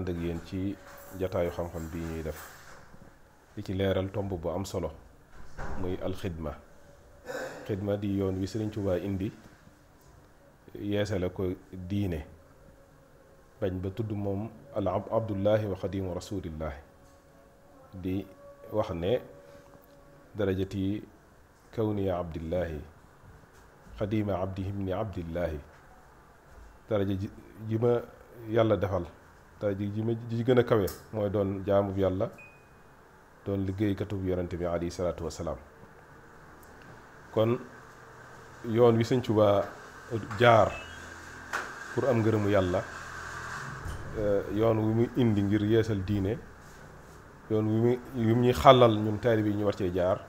ànd ak ci jataayu xam-xam bii ñuy def li ci leeral tomb bu am solo muy alxidma xidma di yoon wi Sëriñ Tuubaa indi yeesale ko diine bañ ba tudd moom al abdullahi wa xadimu rasulillahi di wax ne darajati kawniya abdillahi xadima abdihim ni abdillahi daraja ji ma yàlla defal tey ji ji ma ji gën a kawe mooy doon jaamub yàlla doon liggéeykatu yonente bi alayhi salaatu wasalaam kon yoon wi sëñ Tuubaa jaar pour am ngërëmu yàlla eh, yoon wi muy indi ngir yeesal diine yoon wi muy wi muy xàllal ñun taalibe yi ñu war cee jaar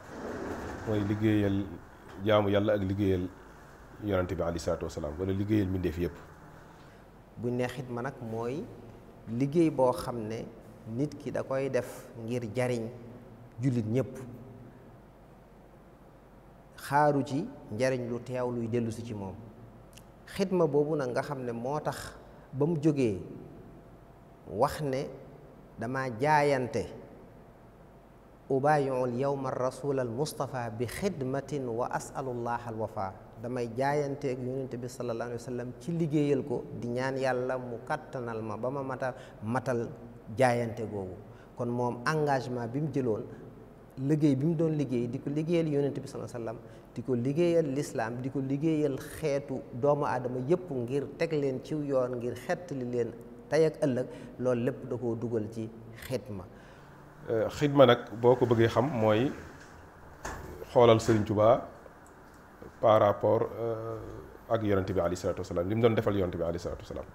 mooy liggéeyal jaamu yàlla ak liggéeyal yonante bi alayhi salaatu wasalaam wala liggéeyal mbindeef yépp buñ ne xidma nag mooy liggéey boo xam ne nit ki da koy def ngir jariñ jullit ñépp xaaru ci njariñ lu teew luy dellu si ci moom xidma boobu nag nga xam ne moo tax ba mu jógee wax ne dama jaayante ubaayiul yowma rasul al mustafa bi xidmatin wa asalullah al wafa damay jaayanteeg yonente bi sallallahu alayhi wa ci liggéeyal ko di ñaan yàlla mu kattanal ma ba ma mata matal jaayante googu kon moom engagement bi mu jëloon liggéey bi mu doon liggéey di ko liggéeyal yonente bi sallallahu alayhi di ko liggéeyal lislaam di ko liggéeyal xeetu doomu aadama yépp ngir teg leen ci yoon ngir xettali leen tey ak ëllëg loolu lépp da koo dugal ci xidma Euh, xidma nag boo ko bëggee xam mooy xoolal Sëriñ Tuubaa par rapport euh, ak yonent bi alayhi salaatu wasalaam li mu doon defal yonent bi alayhi salaatu wasalaam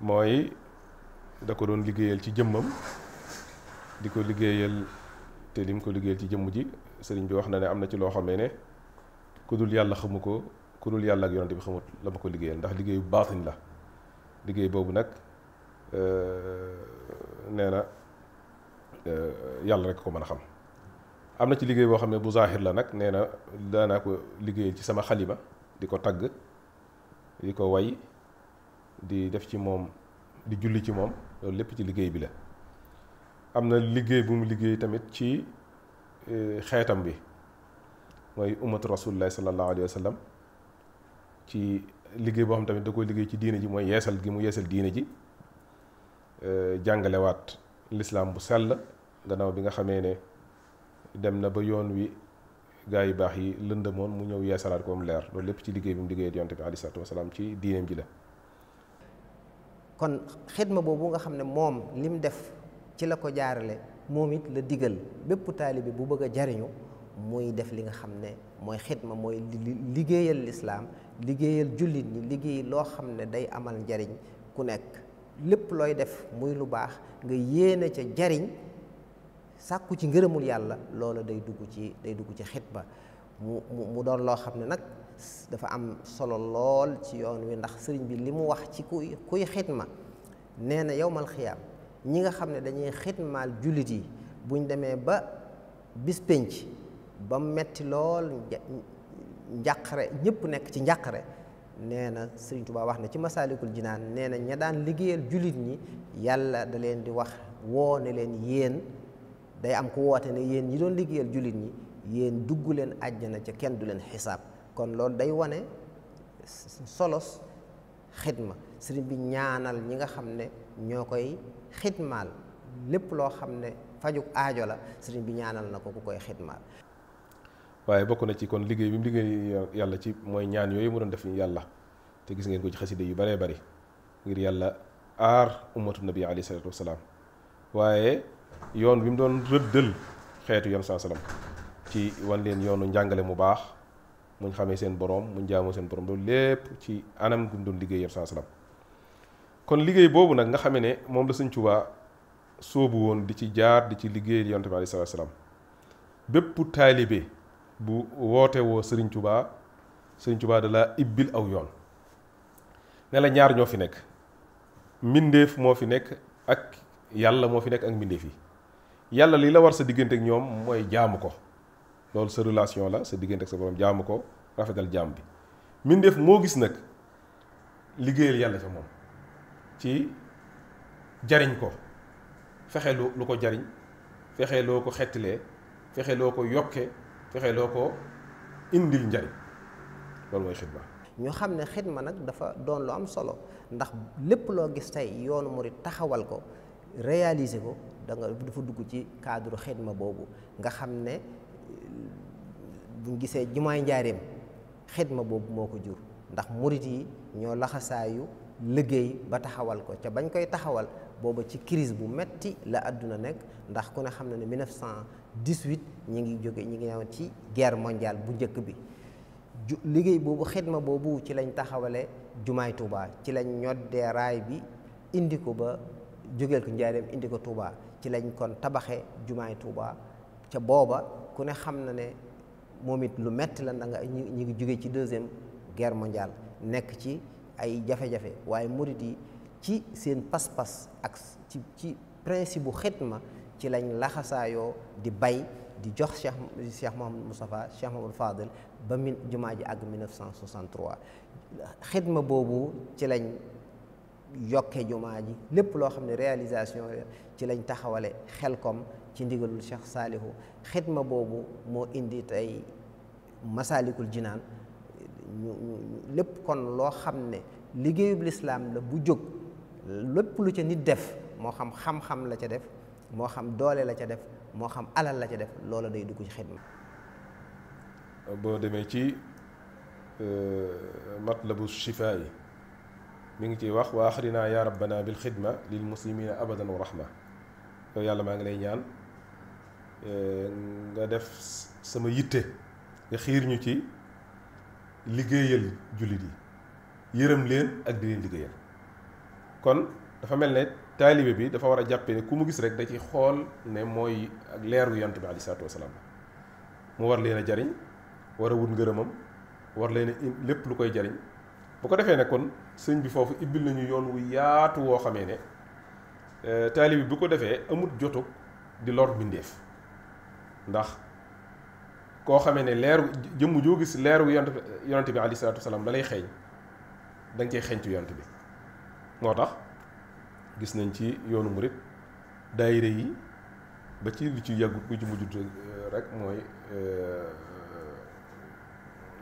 mooy da ko doon liggéeyal ci jëmmam di ko liggéeyal te li mu ko liggéeyal ci jëmm ji sëriñ bi wax na ne am na ci loo xamee ne ku dul yàlla xamu ko ku dul yàlla ak yonent bi xamut la ma ko liggéeyal ndax liggéeyu baatin la liggéey boobu nag euh, nee na Eh, yàlla rek ko mën a xam am na ci liggéey boo xam ne bu zahir la nag nee na daanaa ko liggéeyal ci sama xalima di ko tagg di ko way di def ci moom di julli ci moom lépp ci liggéey bi la am na liggéey bu mu liggéey tamit ci eh, xeetam bi mooy ummatu rasulillahi sallallahu alayhi wa ci liggéey boo xam tamit da ko liggéey ci diine ji mooy yeesal gi mu yeesal diine ji eh, jàngalewaat lislaam bu sell gannaaw bi nga xamee ne dem na ba yoon wi gaa yu baax yi lëndëmoon mu ñëw yeesalaat ko mu leer loolu lépp ci liggéey bi mu liggéeyee yonte bi aleyhi salaatu wasalaam ji la kon xidma boobu nga xam ne moom lim def ci la ko jaarale moom it digal bépp taalibe bu bëgg a jariñu muy def li nga xam ne mooy xidma mooy liggéeyal lislaam liggéeyal jullit ñi liggéey loo xam ne day amal njariñ ku nekk lépp looy def muy lu baax nga yéene ca jariñ sàkku ci ngërëmul yàlla loola day dugg ci day dugg ci xitba mu mu doon loo xam ne nag dafa am solo lool ci yoon wi ndax sëriñ bi li mu wax ci kuy kuy ma nee na yowmal xiyaam ñi nga xam ne dañuy xitmaal jullit yi buñ demee ba bis pénc ba metti lool njàqare ñépp nekk ci njàqare nee na sëriñ Tuubaa wax na ci masaalikul jinaan nee na ña daan liggéeyal jullit ñi yàlla daleen di wax woo ne leen yéen day am ku woote ne yéen ñi doon liggéeyal jullit ñi yéen dugg leen àjjana ca kenn du leen xisaab kon loolu day wane solos xidma sëriñ bi ñaanal ñi nga xam ne ñoo koy xidmaal lépp loo xam ne fajuk aajo la sëriñ bi ñaanal na ko ku koy xidmaal waaye bokk na ci kon liggéey bi mu liggéey yàlla ci mooy ñaan yooyu mu doon def yàlla te gis ngeen ko ci xaside yu baree bari ngir yàlla aar ummatu nabi alayhi salaatu wasalaam waaye yoon wi mu doon rëddal xeetu yoon saa salaam ci wan leen yoonu njàngale mu baax muñ xamee seen borom mu jaamoo seen borom loolu lépp ci anam gu mu doon liggéey yoon saa salaam kon liggéey boobu nag nga xamee ne moom la Sëñ Tuubaa sóobu woon di ci jaar di ci liggéey yonent bi aleyhi salaatu salaam bépp taalibe bu wootewoo woo Sëriñ Tuubaa Sëriñ Tuubaa da ibbil aw yoon ne la ñaar ñoo fi nekk mbindeef moo fi nekk ak yàlla moo fi nekk ak mbindeef yi yàlla lii la war sa diggante ak ñoom mooy jaamu ko loolu sa relation la sa diggante ak sa borom jaamu ko rafetal jaam bi mbindeef moo gis nag liggéeyal yàlla ca moom ci jariñ ko fexe lu lu ko jariñ fexe loo ko xettilee fexe loo ko yokke fexe loo ko indil njariñ loolu mooy xidma ñu xam ne xidma nag dafa doon lu am solo ndax lépp loo gis tey yoonu murid taxawal ko réaliser ko da nga dafa dugg ci cadre xidma boobu nga xam ne buñ gisee jumaay njaareem xidma boobu moo ko jur ndax murit yi ñoo laxasaayu liggéey ba taxawal ko ca bañ koy taxawal booba ci crise bu metti la àdduna nekk ndax ku ne xam na ne 1918 ñi ngi jóge ñi ngi ñëw ci guerre mondiale bu njëkk bi liggéey boobu xidma boobu ci lañ taxawale jumaay Tuubaa ci lañ ñoddee raay bi indi ko ba jógeel ko njaareem indi ko Touba ci lañ kon tabaxe jumaay Touba ca booba ku ne xam na ne moom it lu metti la nga ñu ngi jóge ci deuxième guerre mondiale nekk ci ay jafe-jafe waaye murit yi ci seen pas-pas ak ci ci principe bu xitma ci lañ laxasaayoo di bay di jox Cheikh Cheikh Mouhamadou Moustapha Cheikh Mouhamadou ba min jumaa ji àgg 1963 xitma boobu ci lañ yokke jumaa ji lépp loo xam ne réalisation ci lañ taxawale xelkom ci ndigalul Cheikh Saalihu xidma boobu moo indi tey masaalikul jinaan ñu lépp kon loo xam ne liggéeyub lislaam la bu jóg lépp lu ca nit def moo xam xam-xam la ca def moo xam doole la ca def moo xam alal la ca def loola day dugg ci xidma boo demee ci euh, matlabu shifaa yi mi ngi ciy wax wa axrina ya banaa bil xidma lil muslimina abadan wa rahma yow yàlla maa ngi lay ñaan eh, nga def sama yitte nga xiir ñu ci liggéeyal jullit yi yërëm leen ak di leen liggéeyal kon dafa mel ne taalibe bi dafa war a jàppe ne ku mu gis rek da ci xool ne mooy ak leer gu yonent bi aleyhi salaatu wasalaam mu war leen a jariñ war a wut ngërëmam war leen a lépp lu koy jariñ bu ko defee ne kon sëñ bi foofu ibbil nañu yoon wu yaatu woo xamee ne euh, taalibi bu ko defee amut jotug di lor mbindeef ndax koo xamee ne leeru jëmm joo gis leeru yonent yonent bi aleyhi salaatu wa salaam da lay xeeñ da nga bi moo tax gis nañ ci yoonu murit daayira yi ba ci li ci yàggut bu ci mujjut euh, rek mooy euh,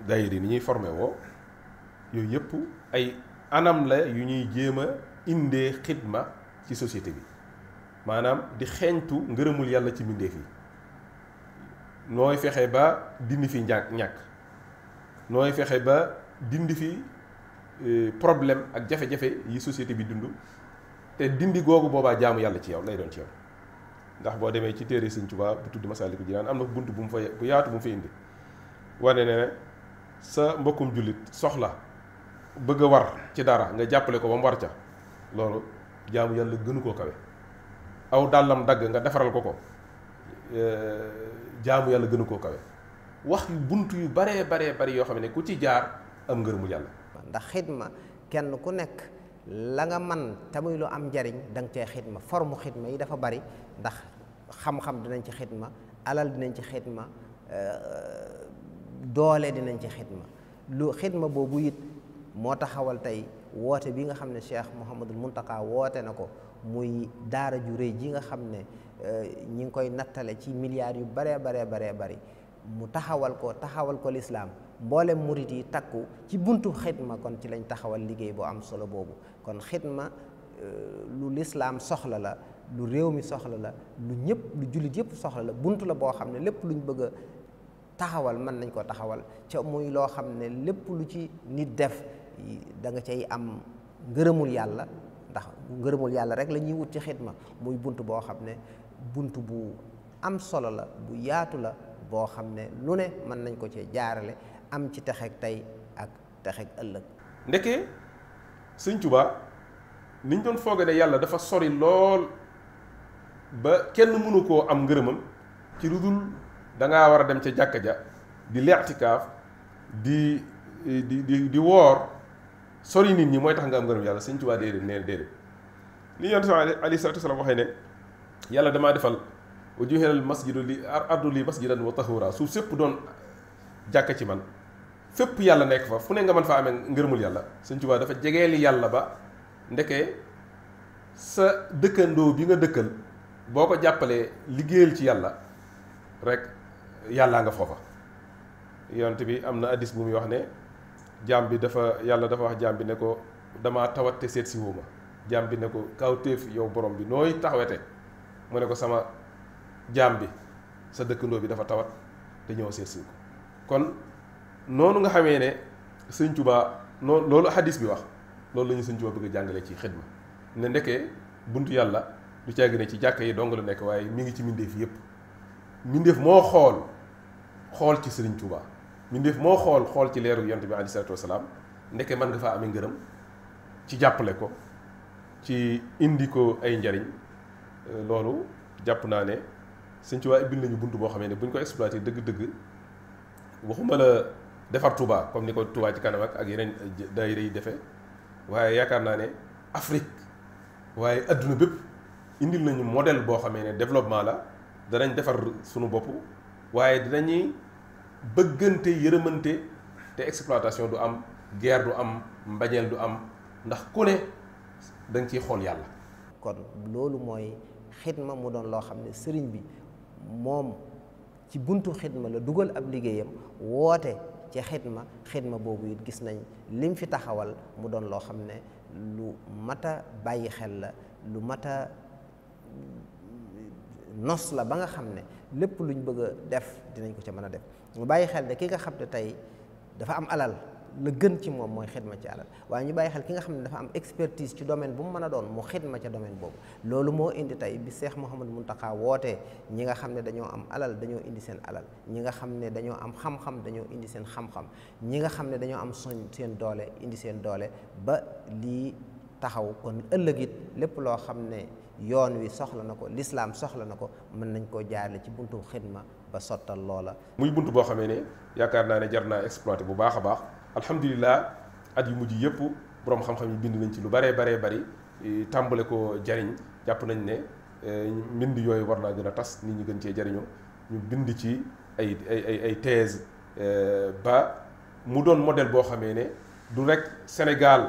daayira yi ni ñuy formé woo yooyu yëpp ay anam la yu ñuy jéem a indee xidma ci société bi maanaam di xeeñtu ngërëmul yàlla ci mbindeef yi nooy fexe ba dindi fi ñàkk ñàkk nooy fexe ba dindi fi e, problème ak jafe-jafe yi société bi dund te dindi googu boobaa jaamu yàlla ci yow lay doon ci yow ndax boo demee ci téere Sëñ Tuubaa bu tudd Masaalikul Jinaan am na bunt bu mu fa bu yaatu bu mu fa indi wane ne sa mbokkum jullit soxla bëgg war ci dara nga jàppale ko ba mu war ca loolu jaamu yàlla gënu koo kawe aw dàllam dagg nga defaral ko ko euh, jaamu yàlla gënu koo kawe wax yu bunt yu baree bare bari yoo xam ne ku ci jaar am ngërëmu yàlla ndax xidma kenn ku nekk la nga man te muy lu am njariñ da nga cee xidma forme xidma yi dafa bari ndax xam-xam dinañ ci xidma alal dinañ ci xidma euh, doole dinañ ci xidma lu xidma boobu it moo taxawal tey woote bi nga xam ne Cheikh Mouhamadul Mountakha woote na ko muy daara ju réy ji nga xam ne eh, ñi ngi koy nattale ci milliards yu baree baree baree bari mu taxawal ko taxawal ko lislaam mboolem murit yi takku ci buntu xidma kon ci lañ taxawal liggéey boo am solo boobu kon xidma eh, lu lislaam soxla la lu réew mi soxla la lu ñëpp lu jullit yëpp soxla la bunt la boo xam ne lépp luñ bëgg a taxawal mën nañ ko taxawal ca muy loo xam ne lépp lu ci nit def danga cey cay am ngërëmul yàlla ndax ngërëmul yàlla rek lañuy wut ci ma muy bunt boo xam ne bunt bu am solo la bu yaatu la boo xam ne lu ne mën nañ ko cee jaarale am ci texeeg tey ak texeeg ëllëg ndeke sëñ Tuubaa niñ doon fooge yàlla dafa sori lool ba kenn mënu koo am ngërëmam ci lu dul da war a dem ca jàkka ja di leextikaaf di di di di woor sori nit ñi mooy tax nga am ngërëm yàlla sëñ Tuubaa déedéet nee déedéet li yonent bi aleyhi salaatu wasalaam ne yàlla damaa defal ujuhilal masjidu li ardu li masjidan wa tahura suuf sépp doon jàkk ci man fépp yàlla nekk fa fu ne nga mën faa amee ngërëmul yàlla sëñ Tuubaa dafa li yàlla ba ndekee sa dëkkandoo bi nga dëkkal boo ko jàppalee liggéeyal ci yàlla rek yàllaa nga foofa yonent bi am na addis bu muy wax ne jaam bi dafa yàlla dafa wax jaam bi ne ko damaa tawat te seet ma jaam bi ne ko kawteef yow borom bi nooy taxawete mu ne ko sama jaam bi sa dëkkandoo bi dafa tawat te ñëw seet ko kon noonu nga xamee ne sëñ Tuubaa noonu loolu hadis bi wax loolu lañu ñu sëñ Tuubaa bëgg a jàngale ci xidma ne ndekee buntu yàlla du caagi ne ci jàkka yi dong la nekk waaye mi ngi ci mbindeef yépp mbindeef moo xool xool ci sëriñ Tuubaa ñu def moo xool xool ci leeru yonent bi aleyhi salaatu wasalaam ndeke man nga faa amee ngërëm ci jàppale ko ci indi ko ay njariñ euh, loolu jàpp naa ne Sëñ Tuubaa ibbil nañu bunt boo xamee ne bu ñu ko exploité dëgg-dëgg waxuma la defar Touba comme ni ko Touba ci kanam ak yeneen euh, daayira yi defee waaye yaakaar naa ne Afrique waaye adduna bépp indil nañu modèle boo xamee ne développement la danañ defar sunu bopp waaye dinañuy bëggante yërëmante te exploitation du am guerre du am mbañeel du am ndax ku ne da ciy xool yàlla. kon loolu mooy xidma mu doon loo xam ne sëriñ bi moom ci buntu xidma la dugal ab liggéeyam woote ci xidma xidma boobu it gis nañ lim fi taxawal mu doon loo xam ne lu mat a bàyyi xel la lu mat a nos la ba nga xam ne lépp luñ bëgg a def dinañ ko ca mën a def. ñu bàyyi xel ne ki nga xam ne tey dafa am alal la gën ci moom mooy xidma ci alal waaye ñu bàyyi xel ki nga xam ne dafa am expertise ci domaine bu mu mën a doon mu xidma ca domaine boobu loolu moo indi tey bi Seex Muhammad Muntaxa wootee ñi nga xam ne dañoo am alal dañoo indi seen alal ñi nga xam ne dañoo am xam-xam dañoo indi seen xam-xam ñi nga xam ne dañoo am soñ seen doole indi seen doole ba lii taxaw kon ëllëg it lépp loo xam ne yoon wi soxla na ko lislaam soxla na ko mën nañ koo jaarale ci buntu xidma ba sottal loola. muy bunt boo xamee ne yaakaar naa ne jar naa exploité bu baax a baax alhamdulilah at yu mujj yëpp borom xam-xam yi bind nañ ci lu baree baree bari e, tàmbale ko jariñ jàpp nañ ne e, mbind yooyu war naa gën a tas nit ñi gën cee jariñoo ñu bind ci ay ay ay thèse e, ba mu doon modèle boo xamee ne du rek Sénégal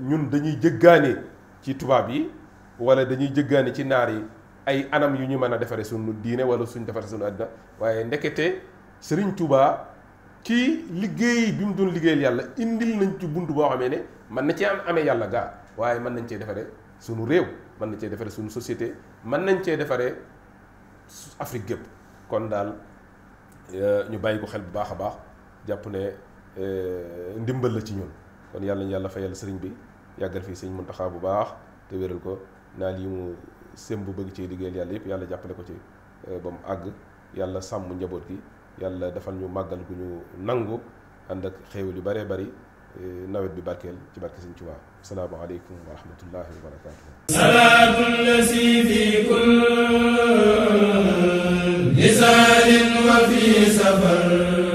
ñun dañuy jëggaane ci tubaab yi wala dañuy jëggaane ci naar yi. ay anam yu ñu mën a defaree suñu diine wala suñ defaree suñu àddina waaye ndekkete Serigne Touba ci liggéey bi mu doon liggéeyal yàlla indil nañ ci bunt boo xamee ne mën na cee am amee yàlla gaa waaye mën nañ cee defaree suñu réew mën nañ cee defaree suñu société mën nañ cee defaree Afrique gépp kon daal euh, ñu bàyyi ko xel bu baax a baax jàpp ne euh, ndimbal la ci ñun kon yàlla ñu yàlla fayal sëriñ bi yàggal fii sëriñ Muntaxa bu baax te wéral ko naa sëmb bu bëgg ci liggéeyal yàlla yëpp yàlla jàppale ko ci euh, ba mu àgg yàlla sàmm njaboot gi yàlla defal ñu màggal gu ñu nangu ànd ak xéewal yu bare bari euh, nawet bi barkeel ci barke Sëñ Tuubaa asalaamaaleykum wa rahmatullahi wa barakaatuhu salaatun lasi fi lisaanin wa fi safar